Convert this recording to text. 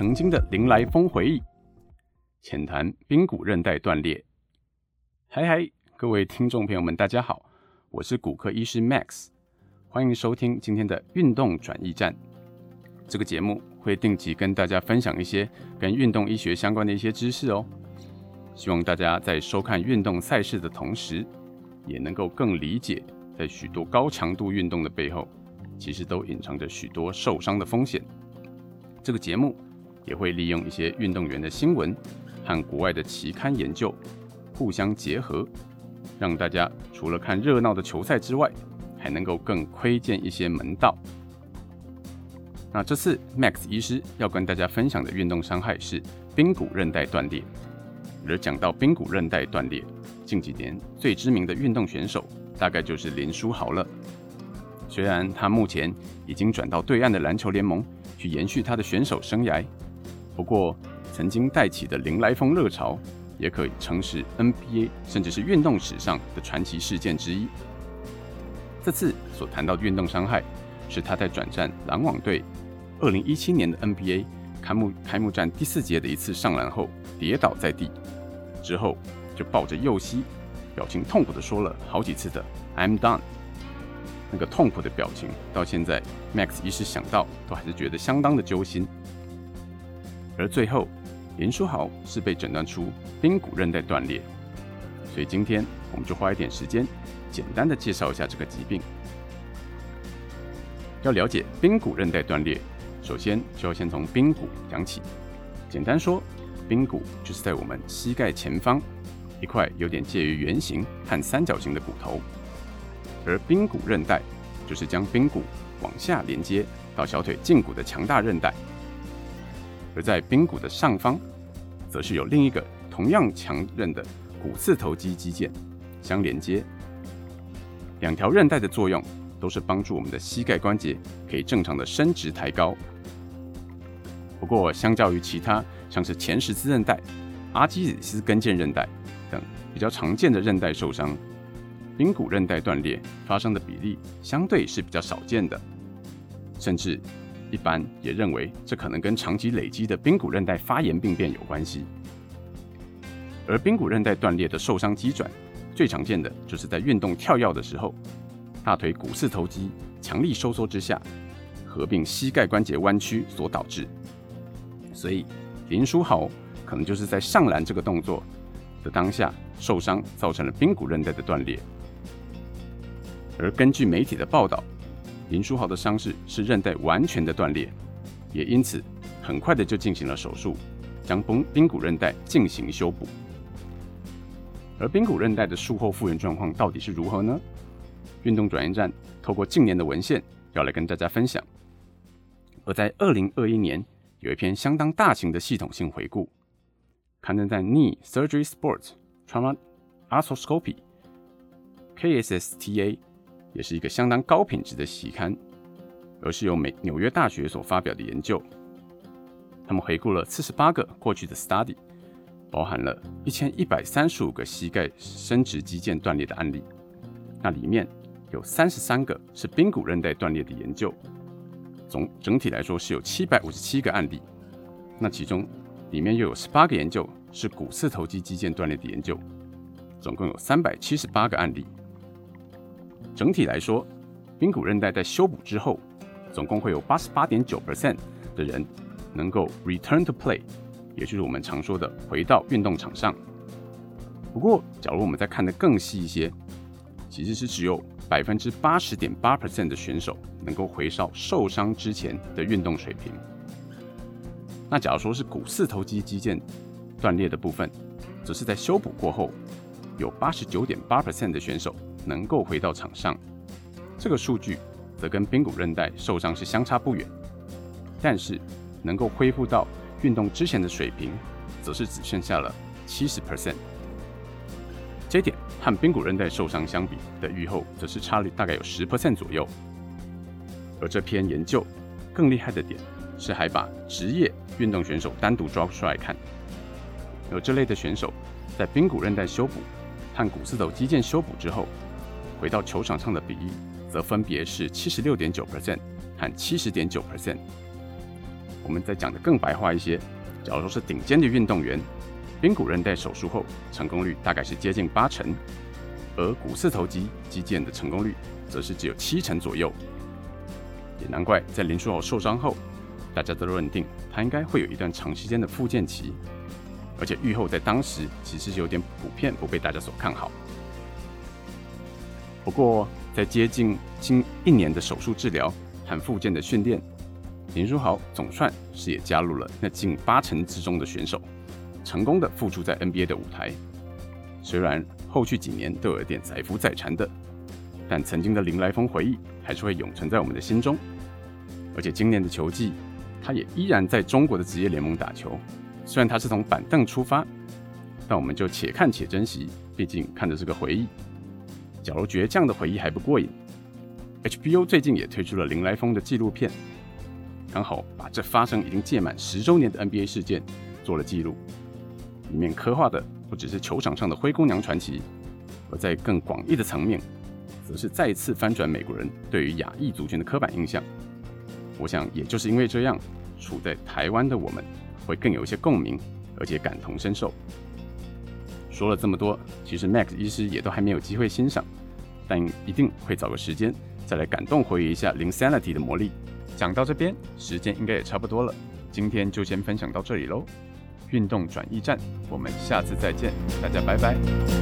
曾經的林來瘋回憶，淺談髕骨韌帶斷裂。嗨嗨，各位聽眾朋友們，大家好，我是骨科醫師 Max，歡迎收聽今天的運動轉譯站。這個節目會定期跟大家分享一些跟運動醫學相關的一些知識哦。希望大家在收看運動賽事的同時，也能夠更理解，在許多高強度運動的背後，其實都隱藏着許多受傷的風險。這個節目，也會利用一些運動員的新聞和國外的期刊研究，互相結合，讓大家除了看熱鬧的球賽之外，還能夠更窺見一些門道。那這次 Max 醫師要跟大家分享的運動傷害是髕骨韌帶斷裂。而講到髕骨韌帶斷裂，近幾年最知名的運動選手大概就是林書豪了。雖然他目前已經轉到對岸的籃球聯盟去延續他的選手生涯。不過，曾經帶起的林來瘋熱潮，也可以稱是 NBA 甚至是運動史上的傳奇事件之一。這次所談到的運動傷害，是他在轉戰籃網隊，二零一七年的 NBA 開幕開幕戰第四節的一次上籃後跌倒在地，之後就抱着右膝，表情痛苦地說了好幾次的 “I'm done”，那個痛苦的表情到現在，Max 醫師想到都還是覺得相當的揪心。而最後，林書豪是被診斷出髕骨韌帶斷裂，所以今天我們就花一點時間，簡單的介紹一下這個疾病。要了解髕骨韌帶斷裂，首先就要先從髕骨講起。簡單說，髕骨就是在我們膝蓋前方一塊有點介於圓形和三角形的骨頭，而髕骨韌帶就是將髕骨往下連接到小腿脛骨的強大韌帶。而在髕骨的上方，則是有另一個同樣強韌的股四頭肌肌腱相連接。兩條韌帶的作用都是幫助我們的膝蓋關節可以正常的伸直抬高。不過，相較於其他像是前十字韌帶、阿基里斯跟腱韌帶等比較常見的韌帶受傷，髕骨韌帶斷裂發生的比例相對是比較少見的，甚至。一般也認為，這可能跟長期累積的髕骨韌帶發炎病變有關係。而髕骨韌帶斷裂的受傷機轉，最常見的就是在運動跳躍的時候，大腿股四頭肌強力收縮之下，合併膝蓋關節彎曲所導致。所以林書豪可能就是在上籃這個動作的當下受傷，造成了髕骨韌帶的斷裂。而根據媒體的報道，林書豪的傷勢是韌帶完全的斷裂，也因此很快的就進行了手術，將繃髕骨韌帶進行修補。而髕骨韌帶的術後復原狀況到底是如何呢？運動轉譯站透過近年的文獻要來跟大家分享。而在2021年有一篇相當大型的系統性回顧，刊登在《Knee Surgery Sports》，《Traumatology Arthroscopy》，《KSSTA》。也是一個相當高品質的期刊，而是由美紐約大學所發表的研究。他們回顧了四十八個過去的 study，包含了一千一百三十五個膝蓋伸直肌腱斷裂的案例。那裡面有三十三個是髕骨韌帶斷裂的研究。總整體來說是有七百五十七個案例。那其中裡面又有十八個研究是股四頭肌肌腱斷裂的研究，總共有三百七十八個案例。整體來說，髕骨韌帶在修補之後，總共會有八十八點九 percent 的人能夠 return to play，也就是我們常說的回到運動場上。不過，假如我們再看得更細一些，其實是只有百分之八十點八 percent 的選手能夠回到受傷之前的運動水平。那假如說是股四頭肌肌腱斷裂的部分，則是在修補過後，有八十九點八 percent 的選手。能夠回到場上，這個數據則跟髕骨韌帶受傷是相差不遠，但是能夠恢復到運動之前的水平，則是只剩下了七十 percent。這一點和髕骨韌帶受傷相比的預後，則是差了大概有十 percent 左右。而這篇研究更厲害的點，是還把職業運動選手單獨抓出來看，有這類的選手在髕骨韌帶修補和股四頭肌腱修補之後。回到球場上的比例，則分別是七十六點九 percent 和七十點九 percent。我們再講得更白話一些，假如說是頂尖的運動員，髕骨韌帶手術後成功率大概是接近八成，而股四頭肌肌腱的成功率則是只有七成左右。也難怪在林書豪受傷後，大家都認定他應該會有一段長時間的復健期，而且愈後在當時其實是有點普遍不被大家所看好。不過，在接近近一年的手術治療和復健的訓練，林書豪總算是也加入了那近八成之中的選手，成功的復出在 NBA 的舞台。雖然後續幾年都有一點載浮載沉的，但曾經的林來瘋回憶還是會永存在我們的心中。而且今年的球季，他也依然在中國的職業聯盟打球。雖然他是從板凳出發，但我們就且看且珍惜，畢竟看的是個回憶。如果覺得這樣的回憶還不過癮，HBO 最近也推出了林來瘋的紀錄片，剛好把這發生已經屆滿十周年的 NBA 事件做了記錄。裡面刻畫的不只是球場上的灰姑娘傳奇，而在更廣義的層面，則是再次翻轉美國人對於亞裔族群的刻板印象。我想也就是因為這樣，處在台灣的我們會更有一些共鳴，而且感同身受。說了這麼多，其實 Max 醫師也都還沒有機會欣賞，但一定會找個時間再來感動回憶一下 Linsanity 的魔力。講到這邊，時間應該也差不多了，今天就先分享到這裡嘍。運動轉譯站，我們下次再見，大家拜拜。